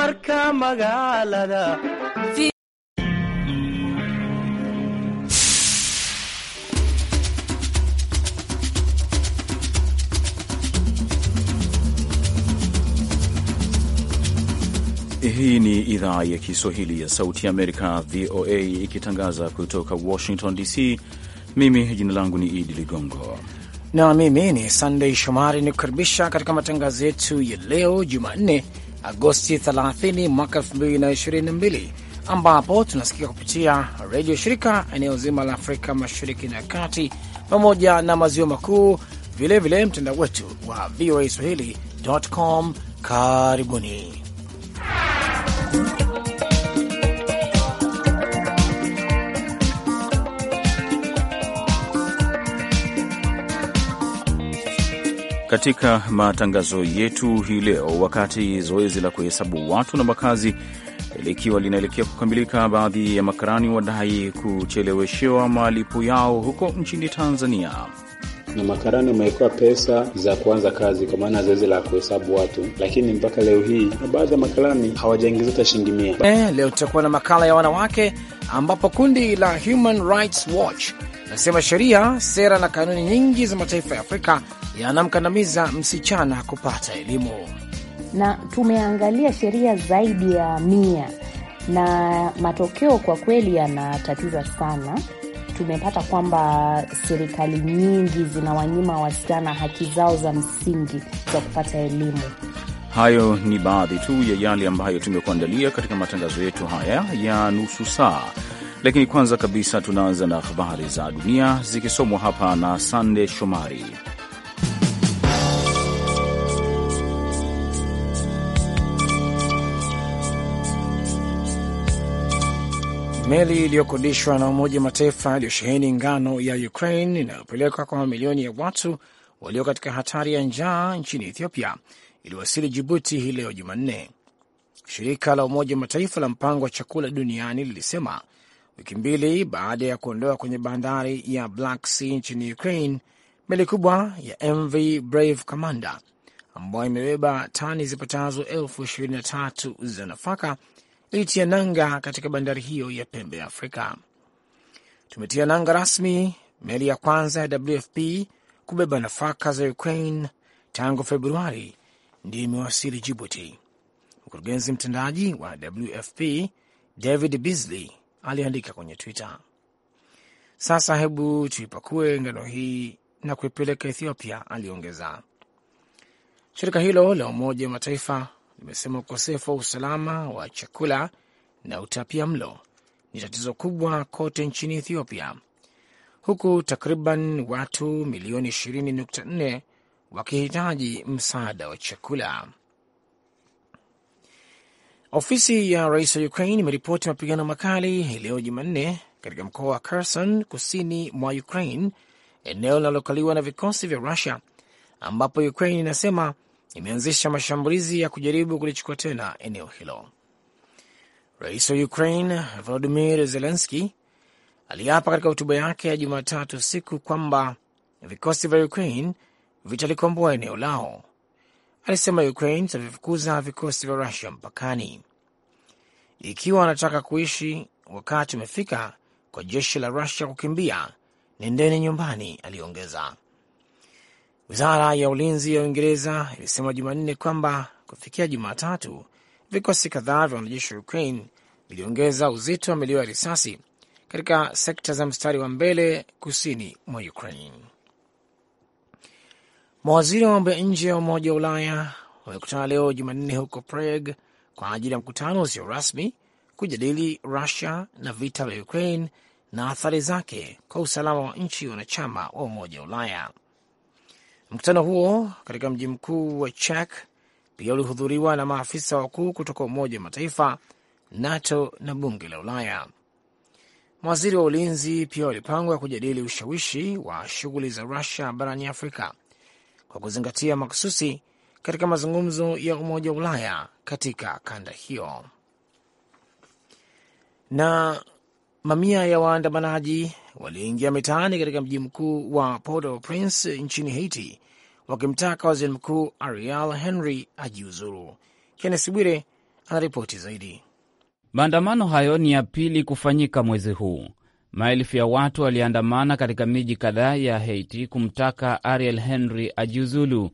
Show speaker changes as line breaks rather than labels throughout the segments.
Marka magaalada.
Hii ni idhaa ya Kiswahili ya Sauti ya Amerika, VOA, ikitangaza kutoka Washington DC. Mimi jina langu ni Idi Ligongo
na mimi ni Sandei Shomari, ni kukaribisha katika matangazo yetu ya leo Jumanne Agosti 30 mwaka 2022, ambapo tunasikika kupitia redio shirika eneo zima la Afrika Mashariki na Kati pamoja na maziwa makuu, vilevile mtandao wetu wa VOA Swahili.com. Karibuni.
katika matangazo yetu hii leo, wakati zoezi la kuhesabu watu na makazi likiwa linaelekea kukamilika, baadhi ya makarani wadai kucheleweshewa malipo yao huko nchini Tanzania
na
makarani wamewekewa pesa za kuanza kazi, kwa maana zoezi la kuhesabu watu, lakini mpaka leo hii na baadhi ya makarani hawajaingiza hata shilingi mia.
Eh, leo tutakuwa na makala ya wanawake ambapo kundi la Human Rights Watch nasema sheria, sera na kanuni nyingi za mataifa ya Afrika yanamkandamiza msichana kupata elimu,
na tumeangalia sheria zaidi ya mia na matokeo kwa kweli yanatatiza sana tumepata kwamba serikali nyingi zinawanyima wasichana haki zao za msingi za kupata elimu.
Hayo ni baadhi tu ya yale ambayo tumekuandalia katika matangazo yetu haya ya nusu saa, lakini kwanza kabisa tunaanza na habari za dunia zikisomwa hapa na Sande Shomari.
Meli iliyokodishwa na Umoja wa Mataifa iliyosheheni ngano ya Ukraine inayopelekwa kwa mamilioni ya watu walio katika hatari ya njaa nchini Ethiopia iliwasili Jibuti hii leo Jumanne. Shirika la Umoja wa Mataifa la Mpango wa Chakula Duniani lilisema wiki mbili baada ya kuondoa kwenye bandari ya Black Sea nchini Ukraine meli kubwa ya MV Brave Commander ambayo imebeba tani zipatazo elfu ishirini na tatu za nafaka ilitia nanga katika bandari hiyo ya pembe ya Afrika. Tumetia nanga rasmi meli ya kwanza ya WFP kubeba nafaka za Ukraine tangu Februari ndiyo imewasili Jibuti. Mkurugenzi mtendaji wa WFP David Beasley aliandika kwenye Twitter. Sasa hebu tuipakue ngano hii na kuipeleka Ethiopia, aliongeza. Shirika hilo la Umoja wa Mataifa imesema ukosefu wa usalama wa chakula na utapia mlo ni tatizo kubwa kote nchini Ethiopia, huku takriban watu milioni 20.4 wakihitaji msaada wa chakula. Ofisi ya rais wa Ukraine imeripoti mapigano makali leo Jumanne katika mkoa wa Kherson kusini mwa Ukraine, eneo linalokaliwa na vikosi vya Rusia ambapo Ukraine inasema imeanzisha mashambulizi ya kujaribu kulichukua tena eneo hilo. Rais wa Ukraine Volodimir Zelenski aliapa katika hotuba yake ya Jumatatu usiku kwamba vikosi vya Ukraine vitalikomboa eneo lao. Alisema Ukraine itavifukuza vikosi vya Rusia mpakani. Ikiwa anataka kuishi, wakati umefika kwa jeshi la Rusia kukimbia, nendeni nyumbani, aliongeza. Wizara ya ulinzi ya Uingereza ilisema Jumanne kwamba kufikia Jumatatu, vikosi kadhaa vya wanajeshi wa Ukraine viliongeza uzito wa milio ya risasi katika sekta za mstari wa mbele kusini mwa Ukraine. Mawaziri wa mambo ya nje wa Umoja wa Ulaya wamekutana leo Jumanne huko Prague kwa ajili ya mkutano usio rasmi kujadili Rusia na vita vya Ukraine na athari zake kwa usalama wa nchi wanachama wa Umoja wa Ulaya. Mkutano huo katika mji mkuu wa chek pia ulihudhuriwa na maafisa wakuu kutoka Umoja wa Mataifa, NATO na Bunge la Ulaya. Mawaziri wa ulinzi pia walipangwa kujadili ushawishi wa shughuli za Rusia barani Afrika kwa kuzingatia makususi katika mazungumzo ya Umoja wa Ulaya katika kanda hiyo. Na Mamia ya waandamanaji waliingia mitaani katika mji mkuu wa Port-au-Prince nchini Haiti wakimtaka waziri mkuu Ariel Henry ajiuzuru. Kennes Bwire anaripoti zaidi.
Maandamano hayo ni ya pili kufanyika mwezi huu. Maelfu ya watu waliandamana katika miji kadhaa ya Haiti kumtaka Ariel Henry ajiuzulu.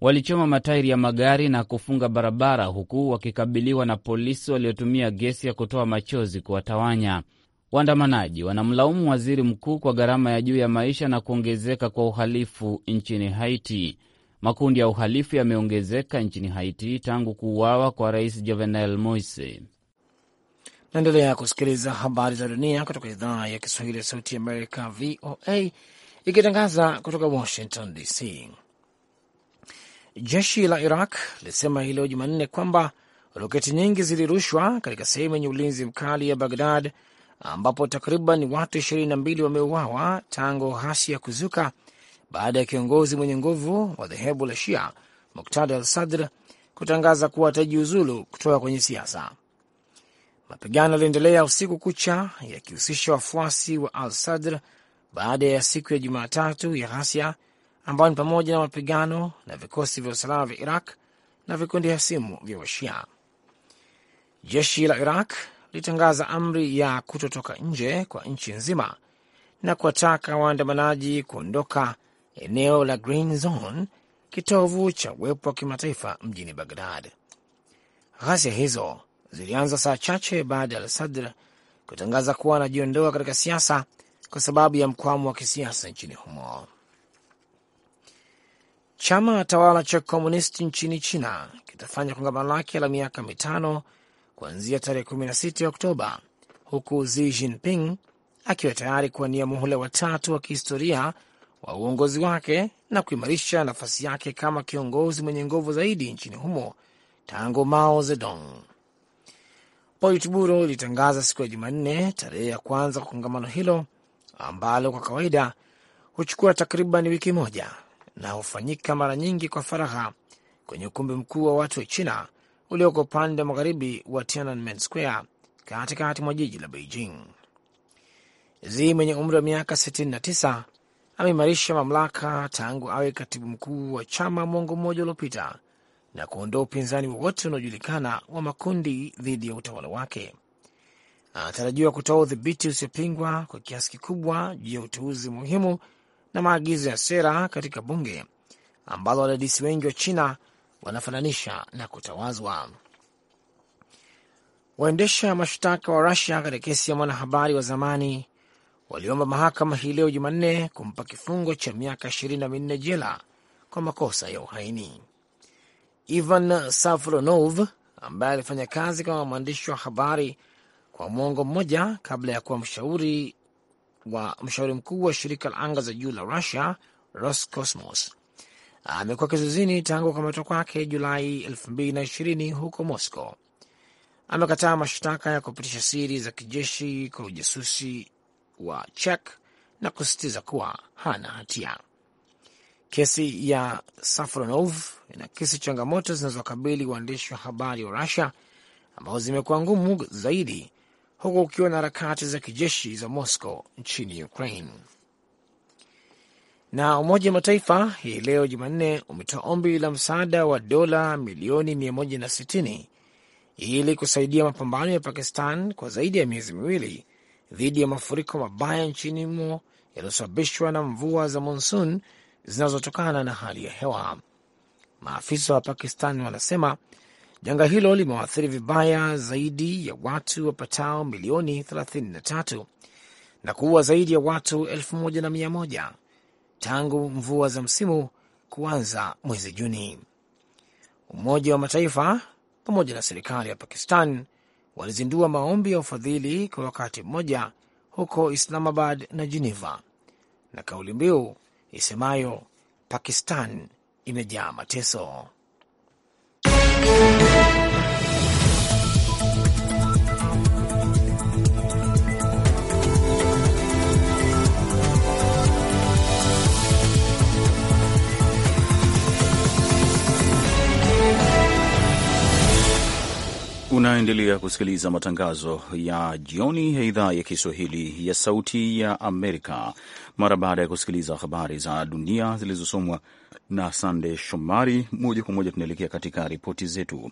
Walichoma matairi ya magari na kufunga barabara, huku wakikabiliwa na polisi waliotumia gesi ya kutoa machozi kuwatawanya. Waandamanaji wanamlaumu waziri mkuu kwa gharama ya juu ya maisha na kuongezeka kwa uhalifu nchini Haiti. Makundi ya uhalifu yameongezeka nchini Haiti tangu kuuawa kwa rais Jovenel Moise.
Naendelea kusikiliza habari za dunia kutoka idhaa ya Kiswahili ya Sauti ya Amerika, VOA, ikitangaza kutoka Washington DC. Jeshi la Iraq lilisema hii leo Jumanne kwamba roketi nyingi zilirushwa katika sehemu yenye ulinzi mkali ya Bagdad ambapo takriban watu mbili wameuawa tangu ghasia kuzuka baada ya kiongozi mwenye nguvu wa dhehebu la Shia Muktada al Sadr kutangaza kuwa atajiuzulu kutoka kwenye siasa. Mapigano yaliendelea usiku kucha yakihusisha wafuasi wa al Sadr baada ya siku ya Jumatatu ya ghasia ambayo ni pamoja na mapigano na vikosi vya usalama vya Iraq na vikundi hasimu vya Washia. Jeshi la Iraq litangaza amri ya kutotoka nje kwa nchi nzima na kuwataka waandamanaji kuondoka eneo la Green Zone, kitovu cha uwepo wa kimataifa mjini Bagdad. Ghasia hizo zilianza saa chache baada ya Al-Sadr kutangaza kuwa anajiondoa katika siasa kwa sababu ya mkwamo wa kisiasa nchini humo. Chama tawala cha komunisti nchini China kitafanya kongamano lake la miaka mitano kuanzia tarehe 16 Oktoba, huku Xi Jinping akiwa tayari kuwania muhula watatu wa kihistoria wa uongozi wake na kuimarisha nafasi yake kama kiongozi mwenye nguvu zaidi nchini humo tangu Mao Zedong. Politburo ilitangaza siku ya Jumanne tarehe ya kwanza kwa kongamano hilo ambalo kwa kawaida huchukua takriban wiki moja na hufanyika mara nyingi kwa faraha kwenye ukumbi mkuu wa watu wa China ulioko upande magharibi wa Tiananmen Square katikati mwa jiji la Beijing. Zi mwenye umri wa miaka 69 ameimarisha mamlaka tangu awe katibu mkuu wa chama mwongo mmoja uliopita na kuondoa upinzani wowote unaojulikana wa makundi dhidi ya utawala wake. Anatarajiwa kutoa udhibiti usiopingwa kwa kiasi kikubwa juu ya uteuzi muhimu na maagizo ya sera katika bunge ambalo wadadisi wengi wa China wanafananisha na kutawazwa. Waendesha mashtaka wa Rusia katika kesi ya mwanahabari wa zamani waliomba mahakama hii leo Jumanne kumpa kifungo cha miaka ishirini na minne jela kwa makosa ya uhaini. Ivan Safronov ambaye alifanya kazi kama mwandishi wa habari kwa mwongo mmoja kabla ya kuwa mshauri wa mshauri mkuu wa shirika la anga za juu la Russia Roscosmos amekuwa kizuizini tangu kukamatwa kwake Julai 2020 huko Moscow. Amekataa mashtaka ya kupitisha siri za kijeshi kwa ujasusi wa chek na kusisitiza kuwa hana hatia. Kesi ya Safronov inakisi changamoto zinazokabili waandishi wa habari wa Rusia ambazo zimekuwa ngumu zaidi, huku ukiwa na harakati za kijeshi za Moscow nchini Ukraine. Na Umoja wa Mataifa hii leo Jumanne umetoa ombi la msaada wa dola milioni 160 ili kusaidia mapambano ya Pakistan kwa zaidi ya miezi miwili dhidi ya mafuriko mabaya nchini humo yaliyosababishwa na mvua za monsun zinazotokana na hali ya hewa. Maafisa wa Pakistan wanasema janga hilo limewaathiri vibaya zaidi ya watu wapatao milioni 33 na kuua zaidi ya watu elfu moja na mia moja tangu mvua za msimu kuanza mwezi Juni. Umoja wa Mataifa pamoja na serikali ya Pakistan walizindua maombi ya ufadhili kwa wakati mmoja huko Islamabad na Geneva, na kauli mbiu isemayo Pakistan imejaa mateso.
Unaendelea kusikiliza matangazo ya jioni ya idhaa ya Kiswahili ya Sauti ya Amerika mara baada ya kusikiliza habari za dunia zilizosomwa na Sande Shomari. Moja kwa moja tunaelekea katika ripoti zetu.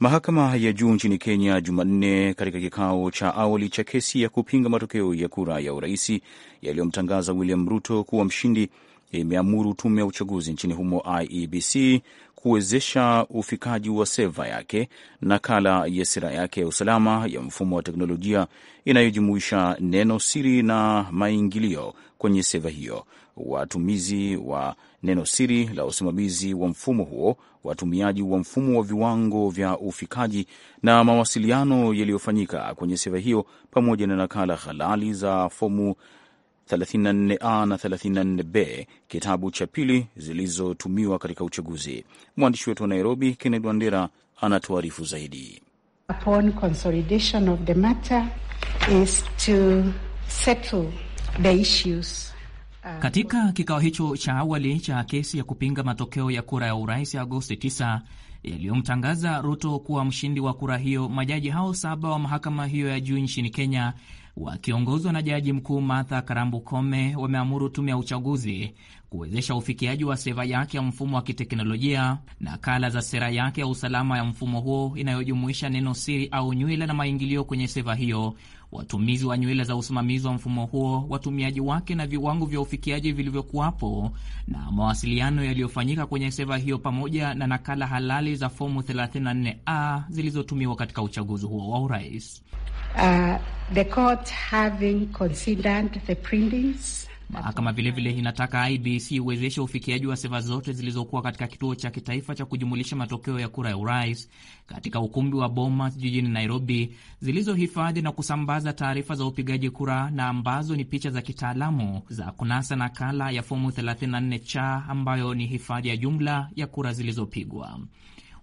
Mahakama ya juu nchini Kenya Jumanne, katika kikao cha awali cha kesi ya kupinga matokeo ya kura ya uraisi yaliyomtangaza William Ruto kuwa mshindi, imeamuru tume ya uchaguzi nchini humo IEBC kuwezesha ufikaji wa seva yake, nakala ya sera yake ya usalama ya mfumo wa teknolojia inayojumuisha neno siri na maingilio kwenye seva hiyo, watumizi wa neno siri la usimamizi wa mfumo huo, watumiaji wa mfumo wa viwango vya ufikaji na mawasiliano yaliyofanyika kwenye seva hiyo, pamoja na nakala halali za fomu 34A na 34B, kitabu cha pili zilizotumiwa katika uchaguzi. Mwandishi wetu wa Nairobi, Kennedy Wandera, anatuarifu zaidi.
Upon consolidation of the matter is to settle the issues.
Uh, katika kikao hicho cha awali cha kesi ya kupinga matokeo ya kura ya urais Agosti 9 yaliyomtangaza Ruto kuwa mshindi wa kura hiyo, majaji hao saba wa mahakama hiyo ya juu nchini Kenya wakiongozwa na Jaji Mkuu Martha Karambukome wameamuru tume ya uchaguzi kuwezesha ufikiaji wa seva yake ya mfumo wa kiteknolojia, nakala za sera yake ya usalama ya mfumo huo inayojumuisha neno siri au nywila na maingilio kwenye seva hiyo, watumizi wa nywila za usimamizi wa mfumo huo, watumiaji wake na viwango vya ufikiaji vilivyokuwapo, na mawasiliano yaliyofanyika kwenye seva hiyo, pamoja na nakala halali za fomu 34A zilizotumiwa katika uchaguzi huo wa urais.
Uh, the court having considered the printings
Mahakama vilevile inataka IBC iwezeshe ufikiaji wa seva zote zilizokuwa katika kituo cha kitaifa cha kujumulisha matokeo ya kura ya urais katika ukumbi wa Bomas jijini Nairobi, zilizohifadhi na kusambaza taarifa za upigaji kura na ambazo ni picha za kitaalamu za kunasa nakala ya fomu 34 cha ambayo ni hifadhi ya jumla ya kura zilizopigwa.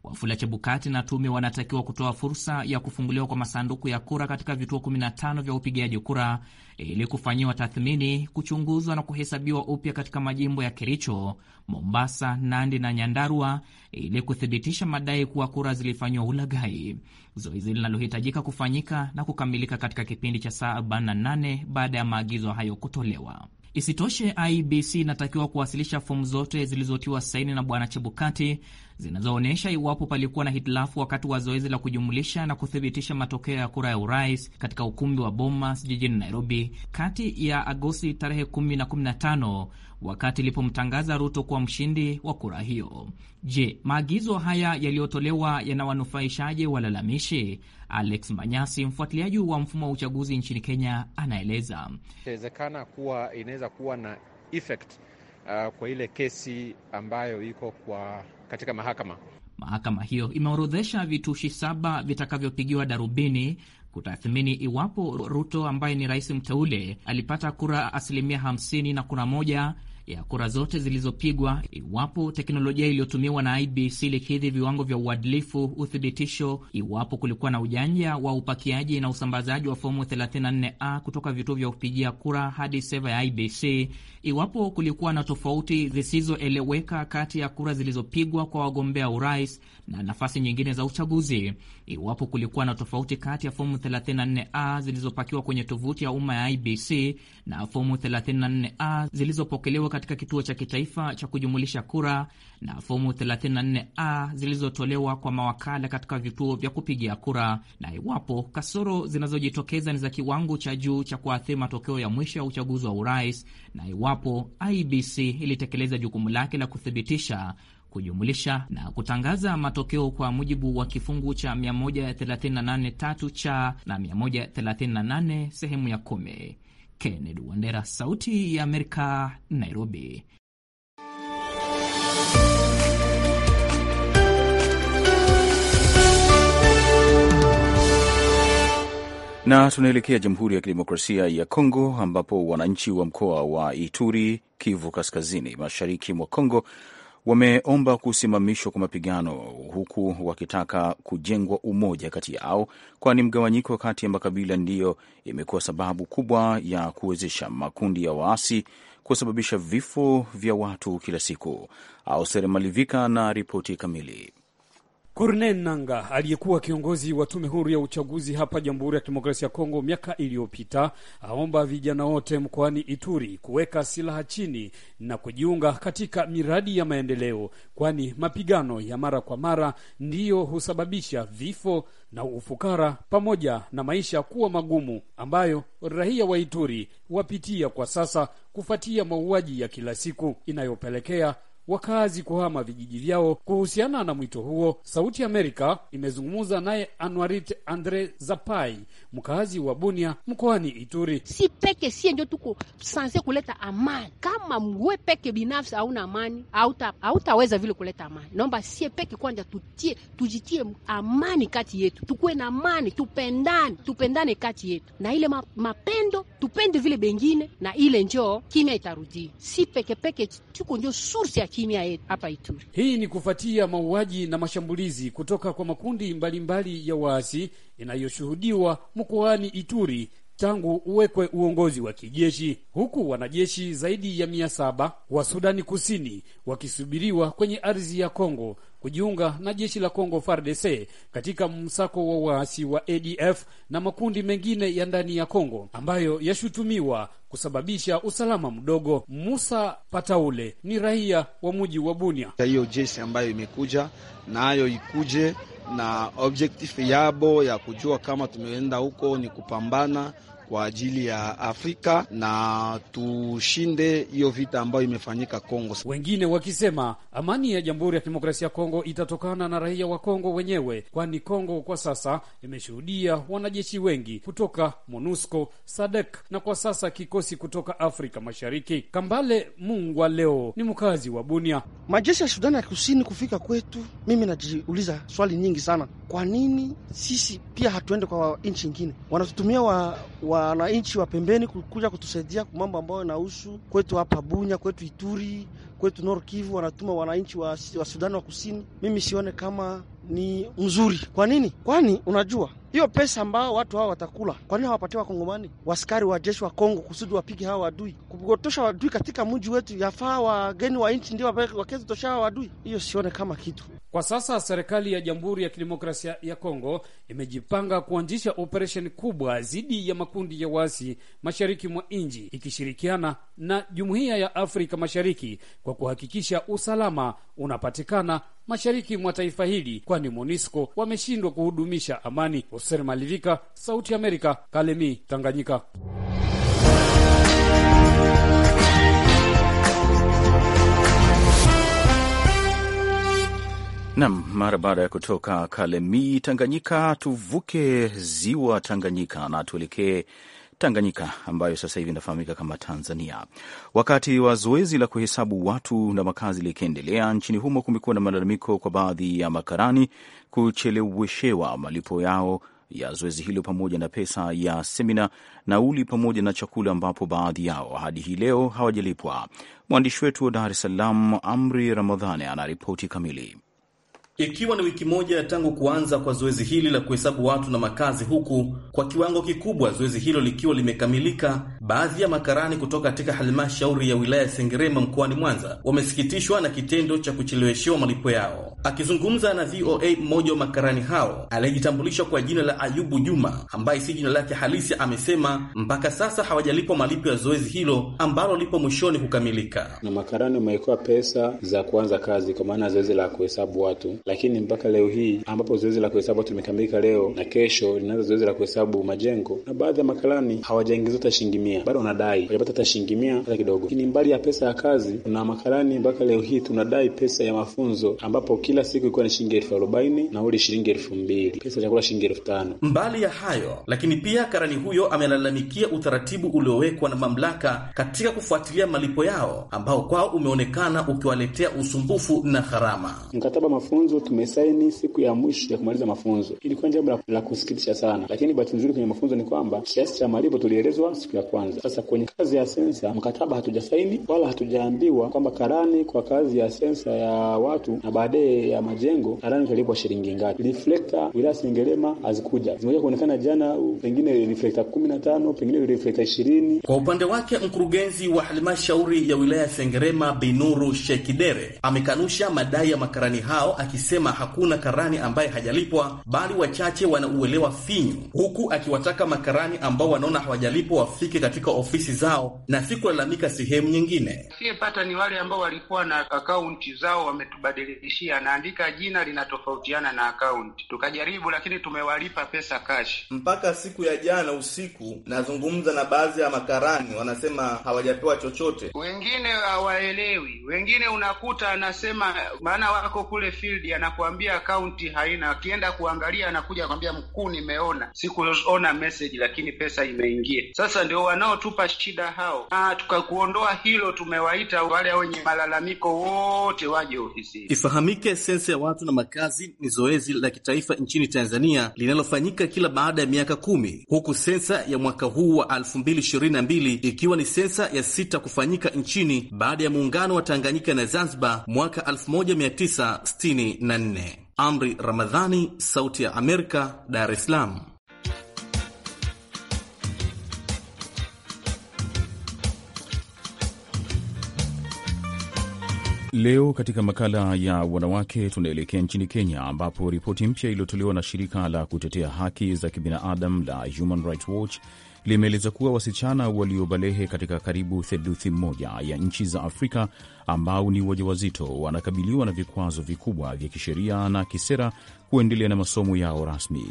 Wafula Chebukati na tume wanatakiwa kutoa fursa ya kufunguliwa kwa masanduku ya kura katika vituo 15 vya upigaji kura ili kufanyiwa tathmini, kuchunguzwa na kuhesabiwa upya katika majimbo ya Kericho, Mombasa, Nandi na Nyandarua ili kuthibitisha madai kuwa kura zilifanyiwa ulaghai, zoezi linalohitajika kufanyika na kukamilika katika kipindi cha saa 48 baada ya maagizo hayo kutolewa. Isitoshe, IBC inatakiwa kuwasilisha fomu zote zilizotiwa saini na Bwana Chebukati zinazoonyesha iwapo palikuwa na hitilafu wakati wa zoezi la kujumulisha na kuthibitisha matokeo ya kura ya urais katika ukumbi wa Bomas jijini Nairobi kati ya Agosti tarehe 10 na wakati ilipomtangaza Ruto kuwa mshindi wa kura hiyo. Je, maagizo haya yaliyotolewa yanawanufaishaje walalamishi? Alex Manyasi, mfuatiliaji wa mfumo wa uchaguzi nchini Kenya, anaeleza.
Inawezekana kuwa inaweza kuwa na effect uh, kwa ile kesi ambayo iko kwa katika mahakama
Mahakama hiyo imeorodhesha vitushi saba vitakavyopigiwa darubini kutathmini iwapo Ruto ambaye ni rais mteule alipata kura asilimia hamsini na kuna moja ya kura zote zilizopigwa, iwapo teknolojia iliyotumiwa na IBC ilikidhi viwango vya uadilifu, uthibitisho, iwapo kulikuwa na ujanja wa upakiaji na usambazaji wa fomu 34A kutoka vituo vya kupigia kura hadi seva ya IBC, iwapo kulikuwa na tofauti zisizoeleweka kati ya kura zilizopigwa kwa wagombea urais na nafasi nyingine za uchaguzi, iwapo kulikuwa na tofauti kati ya fomu 34A zilizopakiwa kwenye tovuti ya umma ya IBC na fomu 34A zilizopokelewa katika kituo cha kitaifa cha kujumulisha kura na fomu 34A zilizotolewa kwa mawakala katika vituo vya kupigia kura, na iwapo kasoro zinazojitokeza ni za kiwango cha juu cha kuathiri matokeo ya mwisho ya uchaguzi wa urais, na iwapo IBC ilitekeleza jukumu lake la kuthibitisha kujumulisha na kutangaza matokeo kwa mujibu wa kifungu cha 138 tatu cha na 138 sehemu ya kumi. Kennedy Wandera, Sauti ya Amerika, Nairobi.
Na tunaelekea Jamhuri ya Kidemokrasia ya Kongo ambapo wananchi wa mkoa wa Ituri, Kivu Kaskazini, mashariki mwa Kongo wameomba kusimamishwa kwa mapigano huku wakitaka kujengwa umoja kati yao, kwani mgawanyiko kati ya makabila ndiyo imekuwa sababu kubwa ya kuwezesha makundi ya waasi kusababisha vifo vya watu kila siku. Auser Malivika na ripoti kamili.
Corneille nanga aliyekuwa kiongozi wa tume huru ya uchaguzi hapa Jamhuri ya Kidemokrasia ya Kongo miaka iliyopita aomba vijana wote mkoani Ituri kuweka silaha chini na kujiunga katika miradi ya maendeleo, kwani mapigano ya mara kwa mara ndiyo husababisha vifo na ufukara pamoja na maisha kuwa magumu ambayo raia wa Ituri wapitia kwa sasa kufuatia mauaji ya kila siku inayopelekea wakazi kuhama vijiji vyao. Kuhusiana na mwito huo, Sauti Amerika imezungumza naye Anwarit Andre Zapai, mkazi wa Bunia mkoani Ituri. Si peke
sie ndio tuko sanse kuleta amani. Kama mwe peke binafsi hauna amani, hautaweza vile kuleta amani. Naomba sie peke kwanja tutie, tujitie amani kati yetu, tukuwe na amani, tupendane, tupendane kati yetu, na ile mapendo tupende vile bengine, na ile njoo kimya itarudia. Si pekepeke tuko ndio sursi ya kimya
hapa Ituri. Hii ni kufuatia mauaji na mashambulizi kutoka kwa makundi mbalimbali mbali ya waasi inayoshuhudiwa mkoani Ituri tangu uwekwe uongozi wa kijeshi huku wanajeshi zaidi ya mia saba wa Sudani Kusini wakisubiriwa kwenye ardhi ya Kongo kujiunga na jeshi la Kongo FARDC katika msako wa waasi wa ADF na makundi mengine ya ndani ya Kongo ambayo yashutumiwa kusababisha usalama mdogo. Musa Pataule ni raia wa muji wa Bunia. Hiyo jeshi ambayo imekuja nayo na ikuje na objective
yabo ya kujua kama tumeenda huko ni kupambana kwa ajili ya Afrika na tushinde hiyo vita ambayo imefanyika Kongo.
Wengine wakisema amani ya Jamhuri ya Kidemokrasia ya Kongo itatokana na raia wa Kongo wenyewe, kwani Kongo kwa sasa imeshuhudia wanajeshi wengi kutoka MONUSCO, SADEK na kwa sasa kikosi kutoka Afrika Mashariki. Kambale Mungwa leo ni mkazi wa Bunia. Majeshi ya Sudani ya Kusini kufika kwetu, mimi najiuliza swali nyingi sana, kwa nini
sisi pia hatuende kwa nchi ingine? Wanatutumia wa, wa wananchi wa pembeni kuja kutusaidia mambo ambayo yanahusu kwetu hapa Bunya, kwetu Ituri, kwetu North Kivu, wanatuma wananchi wa, wa Sudani wa Kusini. Mimi sione kama ni mzuri. Kwa nini?
Kwani unajua hiyo pesa ambao watu hao watakula, kwa nini hawapatie wakongomani waskari wa jeshi wa Kongo
kusudi wapige hao wadui, kupotosha wadui katika mji wetu? Yafaa wageni wa nchi ndio
tosha hao wadui? Hiyo sione kama kitu. Kwa sasa serikali ya Jamhuri ya Kidemokrasia ya Kongo imejipanga kuanzisha operesheni kubwa dhidi ya makundi ya waasi mashariki mwa nchi ikishirikiana na Jumuiya ya Afrika Mashariki kwa kuhakikisha usalama unapatikana mashariki mwa taifa hili, kwani MONUSCO wameshindwa kuhudumisha amani. Oser Malivika, Sauti Amerika, Kalemi, Tanganyika.
Nam, mara baada ya kutoka Kalemie, Tanganyika, tuvuke ziwa Tanganyika na tuelekee Tanganyika ambayo sasa hivi inafahamika kama Tanzania. Wakati wa zoezi la kuhesabu watu na makazi likiendelea nchini humo, kumekuwa na malalamiko kwa baadhi ya makarani kucheleweshewa malipo yao ya zoezi hilo pamoja na pesa ya semina, nauli pamoja na chakula, ambapo baadhi yao hadi hii leo hawajalipwa. Mwandishi wetu wa Dar es Salaam, Amri Ramadhani, anaripoti kamili
ikiwa ni wiki moja tangu kuanza kwa zoezi hili la kuhesabu watu na makazi, huku kwa kiwango kikubwa zoezi hilo likiwa limekamilika. Baadhi ya makarani kutoka katika halmashauri ya wilaya ya Sengerema mkoani Mwanza wamesikitishwa na kitendo cha kucheleweshewa malipo yao. Akizungumza na VOA, mmoja wa makarani hao aliyejitambulisha kwa jina la Ayubu Juma, ambaye si jina lake halisi, amesema mpaka sasa hawajalipwa malipo ya zoezi hilo ambalo lipo mwishoni kukamilika.
Na makarani wamewekewa pesa za kuanza kazi, kwa maana zoezi la kuhesabu watu lakini mpaka leo hii ambapo zoezi la kuhesabu tumekamilika leo na kesho linaanza zoezi la kuhesabu majengo, na baadhi ya makarani hawajaingiza hata shilingi mia, bado wanadai, hawajapata hata shilingi mia hata kidogo. Lakini mbali ya pesa ya kazi, kuna makarani mpaka leo hii tunadai pesa ya mafunzo, ambapo kila siku ilikuwa ni shilingi elfu arobaini uli shilingi elfu mbili pesa ya chakula shilingi elfu tano
Mbali ya hayo, lakini pia karani huyo amelalamikia utaratibu uliowekwa na mamlaka katika kufuatilia malipo yao, ambao kwao umeonekana ukiwaletea usumbufu na gharama.
Mkataba mafunzo ambazo tumesaini siku ya mwisho ya kumaliza mafunzo. Ilikuwa jambo la kusikitisha sana, lakini bahati nzuri kwenye mafunzo ni kwamba kiasi cha malipo tulielezwa siku ya kwanza. Sasa kwenye kazi ya sensa mkataba hatujasaini wala hatujaambiwa kwamba karani kwa kazi ya sensa ya watu na baadaye ya majengo karani utalipwa shilingi ngapi. Reflector wilaya Sengerema hazikuja, zimekuja kuonekana jana, pengine reflector kumi na tano pengine reflector ishirini. Kwa
upande wake mkurugenzi wa halmashauri ya wilaya Sengerema Binuru Shekidere amekanusha madai ya makarani hao akisi akisema hakuna karani ambaye hajalipwa, bali wachache wanauelewa finyu, huku akiwataka makarani ambao wanaona hawajalipwa wafike katika ofisi zao na si kulalamika sehemu nyingine.
Siyepata ni wale ambao walikuwa na akaunti zao wametubadilishia, anaandika jina linatofautiana na akaunti, tukajaribu lakini tumewalipa pesa kashi.
Mpaka siku ya jana usiku nazungumza na baadhi ya makarani, wanasema hawajapewa chochote. Wengine
hawaelewi, wengine unakuta anasema maana wako kule field anakuambia akaunti haina, akienda kuangalia anakuja kwambia mkuu, nimeona sikuona message, lakini pesa imeingia. Sasa ndio wanaotupa shida hao. Ah, tukakuondoa hilo, tumewaita wale wenye malalamiko wote waje ofisini.
Ifahamike, sensa ya watu na makazi ni zoezi la kitaifa nchini Tanzania linalofanyika kila baada ya miaka kumi, huku sensa ya mwaka huu wa elfu mbili ishirini na mbili ikiwa ni sensa ya sita kufanyika nchini baada ya muungano wa Tanganyika na Zanzibar mwaka 1960. Amri Ramadhani, Sauti ya Amerika, Dar es Salaam.
Leo katika makala ya wanawake tunaelekea nchini Kenya, ambapo ripoti mpya iliyotolewa na shirika la kutetea haki za kibinadamu la Human Rights Watch limeeleza kuwa wasichana waliobalehe katika karibu theluthi moja ya nchi za Afrika ambao ni wajawazito wanakabiliwa na vikwazo vikubwa vya kisheria na kisera kuendelea na masomo yao rasmi.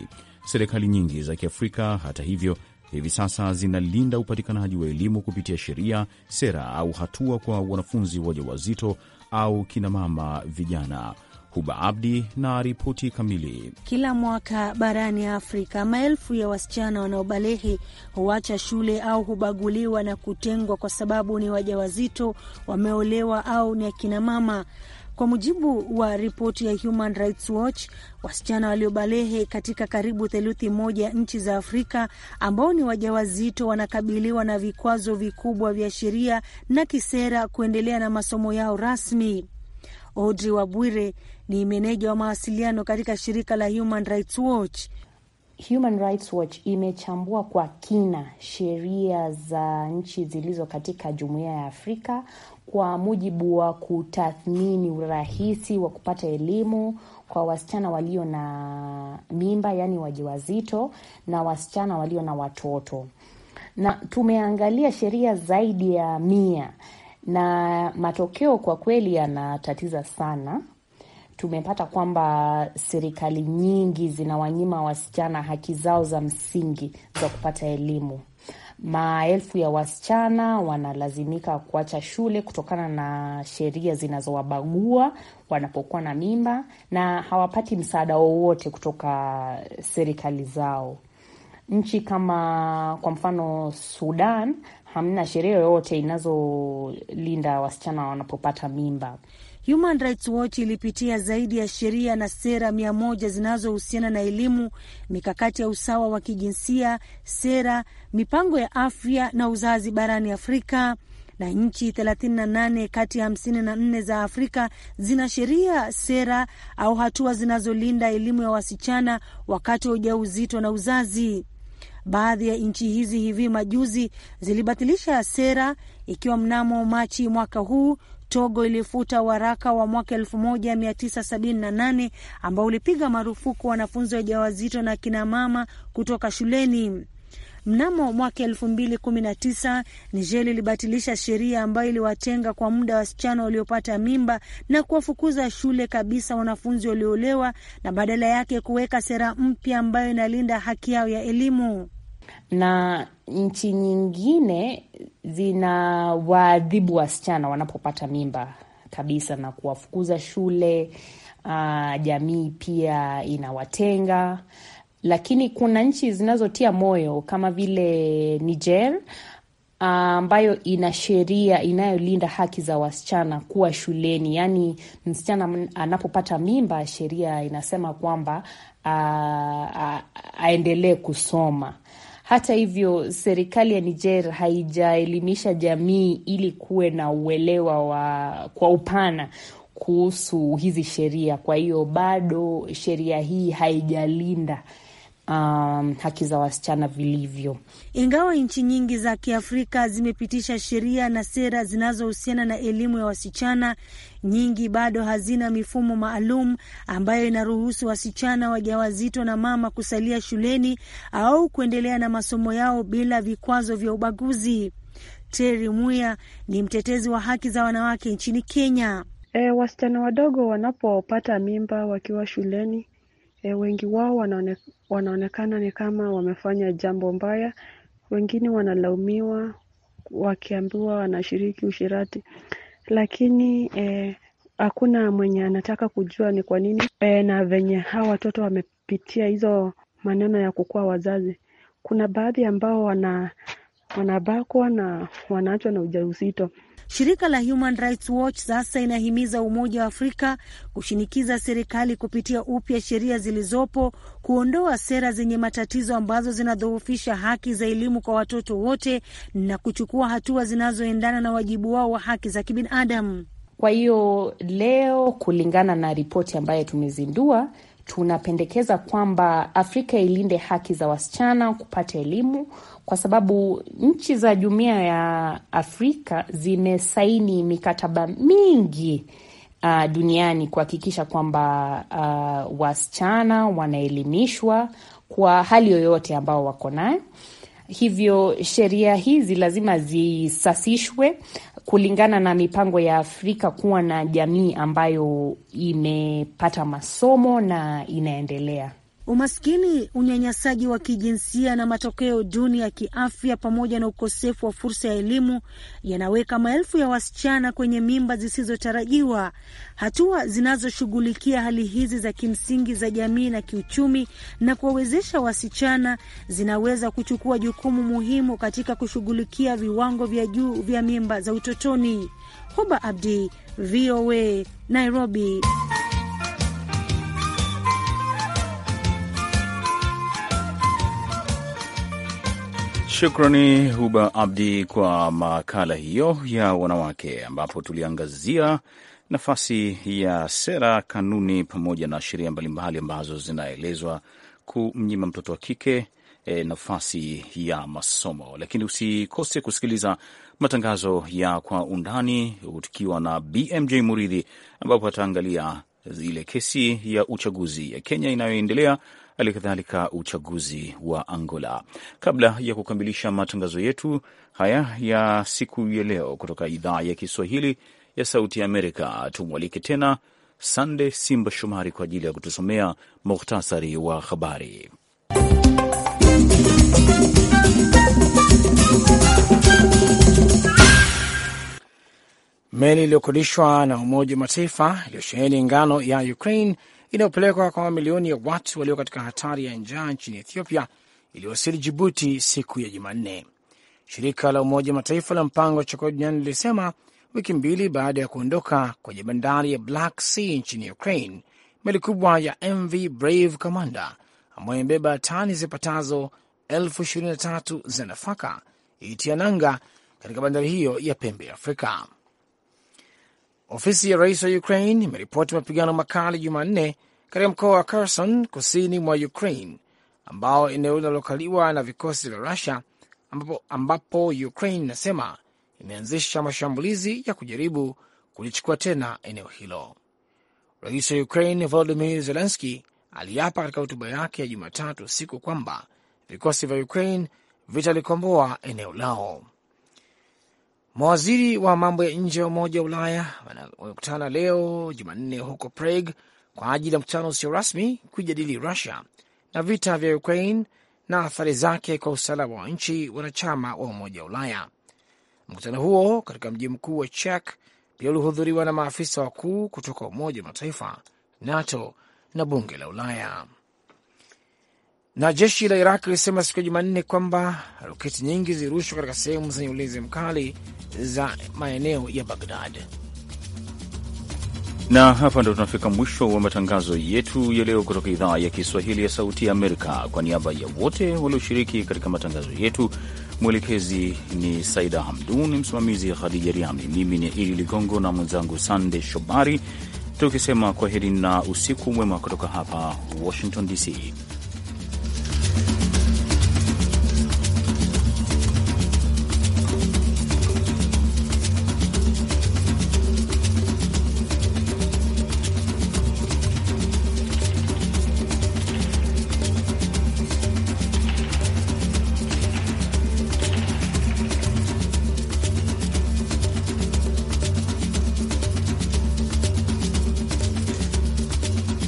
Serikali nyingi za Kiafrika, hata hivyo, hivi sasa zinalinda upatikanaji wa elimu kupitia sheria, sera au hatua kwa wanafunzi wajawazito au kinamama vijana. Huba Abdi na ripoti kamili.
Kila mwaka barani Afrika maelfu ya wasichana wanaobalehe huacha shule au hubaguliwa na kutengwa kwa sababu ni wajawazito, wameolewa au ni akina mama. Kwa mujibu wa ripoti ya Human Rights Watch, wasichana waliobalehe katika karibu theluthi moja nchi za Afrika ambao ni wajawazito wanakabiliwa na vikwazo vikubwa vya sheria na kisera kuendelea na masomo yao rasmi. Audrey Wabwire ni meneja wa mawasiliano katika shirika la Human Rights Watch.
Human Rights Watch imechambua kwa kina sheria za nchi zilizo katika Jumuiya ya Afrika kwa mujibu wa kutathmini urahisi wa kupata elimu kwa wasichana walio na mimba, yaani wajawazito, na wasichana walio na watoto, na tumeangalia sheria zaidi ya mia na matokeo kwa kweli yanatatiza sana tumepata kwamba serikali nyingi zinawanyima wasichana haki zao za msingi za kupata elimu. Maelfu ya wasichana wanalazimika kuacha shule kutokana na sheria zinazowabagua wanapokuwa na mimba, na hawapati msaada wowote kutoka serikali zao. Nchi kama kwa mfano Sudan hamna sheria yoyote inazolinda wasichana wanapopata mimba. Human
Rights Watch ilipitia zaidi ya sheria na sera mia moja zinazohusiana na elimu, mikakati ya usawa wa kijinsia, sera, mipango ya afya na uzazi barani Afrika na nchi 38 kati ya 54 za Afrika zina sheria, sera au hatua zinazolinda elimu ya wasichana wakati wa ujauzito na uzazi. Baadhi ya nchi hizi hivi majuzi zilibatilisha sera, ikiwa mnamo Machi mwaka huu Togo ilifuta waraka wa mwaka 1978 ambao ulipiga marufuku wanafunzi wajawazito na kinamama kutoka shuleni. Mnamo mwaka elfu mbili kumi na tisa Niger ilibatilisha sheria ambayo iliwatenga kwa muda wasichana waliopata mimba na kuwafukuza shule kabisa wanafunzi walioolewa na badala yake kuweka sera mpya ambayo
inalinda haki yao ya elimu na nchi nyingine zina waadhibu wasichana wanapopata mimba kabisa na kuwafukuza shule. Uh, jamii pia inawatenga, lakini kuna nchi zinazotia moyo kama vile Niger ah, ambayo uh, ina sheria inayolinda haki za wasichana kuwa shuleni. Yaani msichana anapopata mimba, sheria inasema kwamba uh, uh, aendelee kusoma hata hivyo, serikali ya Niger haijaelimisha jamii ili kuwe na uelewa wa kwa upana kuhusu hizi sheria. Kwa hiyo bado sheria hii haijalinda um, haki za wasichana vilivyo. Ingawa nchi nyingi za Kiafrika
zimepitisha sheria na sera zinazohusiana na elimu ya wasichana, nyingi bado hazina mifumo maalum ambayo inaruhusu wasichana wajawazito na mama kusalia shuleni au kuendelea na masomo yao bila vikwazo vya ubaguzi. Teri Muya ni mtetezi wa haki za wanawake nchini Kenya. E, wasichana wadogo wanapopata mimba wakiwa shuleni Eh, wengi wao wanaonekana ni kama wamefanya jambo mbaya, wengine wanalaumiwa wakiambiwa wanashiriki ushirati, lakini eh, hakuna mwenye anataka kujua ni kwa nini eh, na venye hawa watoto wamepitia hizo maneno ya kukuwa wazazi. Kuna baadhi ambao wanabakwa na wanaachwa na ujauzito. Shirika la Human Rights Watch sasa inahimiza Umoja wa Afrika kushinikiza serikali kupitia upya sheria zilizopo, kuondoa sera zenye matatizo ambazo zinadhoofisha haki za elimu kwa watoto wote na kuchukua hatua zinazoendana na wajibu wao wa haki za kibinadamu.
Kwa hiyo leo, kulingana na ripoti ambayo tumezindua tunapendekeza kwamba Afrika ilinde haki za wasichana kupata elimu, kwa sababu nchi za jumuiya ya Afrika zimesaini mikataba mingi uh, duniani kuhakikisha kwamba uh, wasichana wanaelimishwa kwa hali yoyote ambao wako nayo. Hivyo sheria hizi lazima zisasishwe kulingana na mipango ya Afrika kuwa na jamii ambayo imepata masomo na inaendelea umaskini,
unyanyasaji wa kijinsia na matokeo duni ya kiafya pamoja na ukosefu wa fursa ya elimu yanaweka maelfu ya wasichana kwenye mimba zisizotarajiwa. Hatua zinazoshughulikia hali hizi za kimsingi za jamii na kiuchumi na kuwawezesha wasichana zinaweza kuchukua jukumu muhimu katika kushughulikia viwango vya juu vya mimba za utotoni. Huba Abdi, VOA, Nairobi.
Shukrani Huba Abdi kwa makala hiyo ya wanawake, ambapo tuliangazia nafasi ya sera, kanuni pamoja na sheria mbalimbali ambazo zinaelezwa kumnyima mtoto wa kike e, nafasi ya masomo. Lakini usikose kusikiliza matangazo ya Kwa Undani tukiwa na BMJ Muridhi, ambapo ataangalia ile kesi ya uchaguzi ya Kenya inayoendelea, hali kadhalika uchaguzi wa Angola. Kabla ya kukamilisha matangazo yetu haya ya siku ya leo kutoka idhaa ya Kiswahili ya Sauti ya Amerika, tumwalike tena Sande Simba Shomari kwa ajili ya kutusomea muhtasari wa habari.
Meli iliyokodishwa na Umoja wa Mataifa iliyosheheni ngano ya Ukraine inayopelekwa kwa mamilioni ya watu walio katika hatari ya njaa nchini Ethiopia iliwasili Jibuti siku ya Jumanne. Shirika la Umoja wa Mataifa la mpango wa chakula duniani lilisema wiki mbili baada ya kuondoka kwenye bandari ya Black Sea nchini Ukraine, meli kubwa ya MV Brave Commander ambayo imebeba tani zipatazo elfu ishirini na tatu za nafaka ilitia nanga katika bandari hiyo ya pembe ya Afrika. Ofisi ya rais wa Ukraine imeripoti mapigano makali Jumanne katika mkoa wa Kherson kusini mwa Ukraine, ambao eneo linalokaliwa na vikosi vya Rusia, ambapo, ambapo Ukraine inasema imeanzisha mashambulizi ya kujaribu kulichukua tena eneo hilo. Rais wa Ukraine Volodimir Zelenski aliapa katika hotuba yake ya Jumatatu usiku kwamba vikosi vya Ukraine vitalikomboa eneo lao. Mawaziri wa mambo ya nje wa Umoja wa Ulaya wanakutana leo Jumanne huko Prague kwa ajili ya mkutano usio rasmi kuijadili Rusia na vita vya Ukraine na athari zake kwa usalama wa nchi wanachama wa Umoja wa Ulaya. Mkutano huo katika mji mkuu wa Czech pia ulihudhuriwa na maafisa wakuu kutoka Umoja wa Mataifa, NATO na Bunge la Ulaya. Na jeshi la Iraq lilisema siku ya Jumanne kwamba roketi nyingi zilirushwa katika sehemu zenye ulinzi mkali za maeneo ya Bagdad.
Na hapa ndo tunafika mwisho wa matangazo yetu ya leo kutoka idhaa ya Kiswahili ya Sauti ya Amerika. Kwa niaba ya wote walioshiriki katika matangazo yetu, mwelekezi ni Saida Hamdun, msimamizi Khadija Riami, mimi ni Idi Ligongo na mwenzangu Sande Shobari, tukisema kwaheri na usiku mwema kutoka hapa Washington DC.